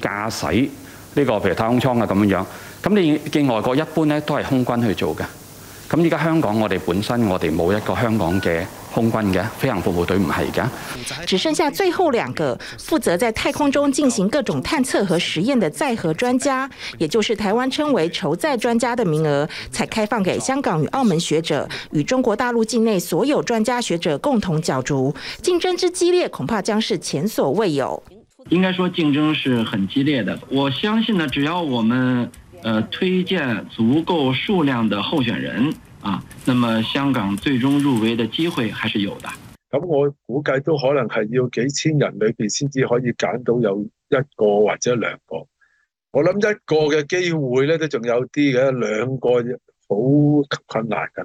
駕駛呢個譬如太空艙啊咁樣，咁你見外國一般呢都係空軍去做嘅，咁而家香港我哋本身我哋冇一個香港嘅空軍嘅飛行服務隊唔係㗎，只剩下最後兩個負責在太空中進行各種探測和實驗嘅載荷專家，也就是台灣稱為籌載專家的名額，才開放給香港與澳門學者與中國大陸境內所有專家學者共同角逐，競爭之激烈恐怕將是前所未有。應該說競爭是很激烈的，我相信呢，只要我們，呃，推薦足夠數量的候選人啊，那麼香港最終入圍的機會還是有的。咁我估計都可能係要幾千人裏邊先至可以揀到有一個或者兩個。我諗一個嘅機會咧，都仲有啲嘅，兩個好困難嘅。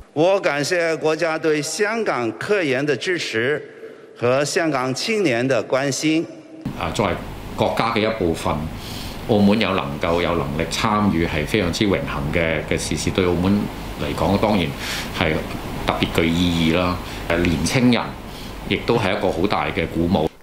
我感謝國家對香港科研的支持和香港青年的關心。啊，作為國家嘅一部分，澳門有能夠有能力參與係非常之榮幸嘅嘅事事，對澳門嚟講當然係特別具意義啦。誒，年青人亦都係一個好大嘅鼓舞。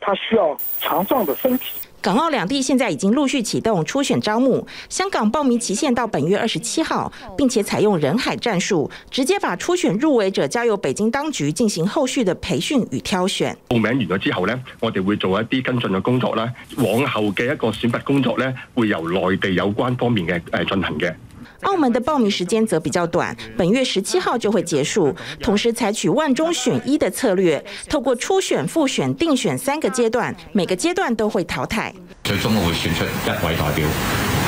他需要強壯的身體。港澳兩地現在已經陸續啟動初選招募，香港報名期限到本月二十七號，並且採用人海戰術，直接把初選入圍者交由北京當局進行後續的培訓與挑選。報名完咗之後咧，我哋會做一啲跟進嘅工作啦。往後嘅一個選拔工作咧，會由內地有關方面嘅誒進行嘅。澳門的報名時間則比較短，本月十七號就會結束。同時採取萬中選一的策略，透過初選、複選、定選三個階段，每個階段都會淘汰。最終我會選出一位代表，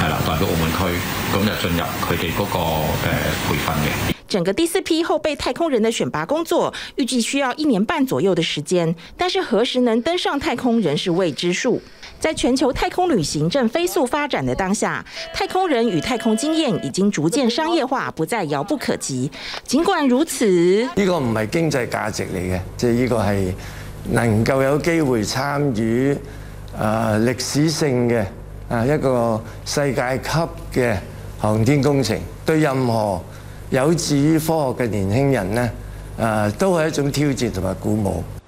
係啦，代表澳門區，咁就進入佢哋嗰個誒培訓嘅。整個第四批後備太空人的選拔工作預計需要一年半左右的時間，但是何時能登上太空仍是未知數。在全球太空旅行正飛速發展的當下，太空人與太空經驗已經逐漸商業化，不再遙不可及。盡管如此，呢個唔係經濟價值嚟嘅，即係呢個係能夠有機會參與誒、歷史性嘅、啊、一個世界級嘅航天工程，對任何有志於科學嘅年輕人呢，誒、啊、都係一種挑戰同埋鼓舞。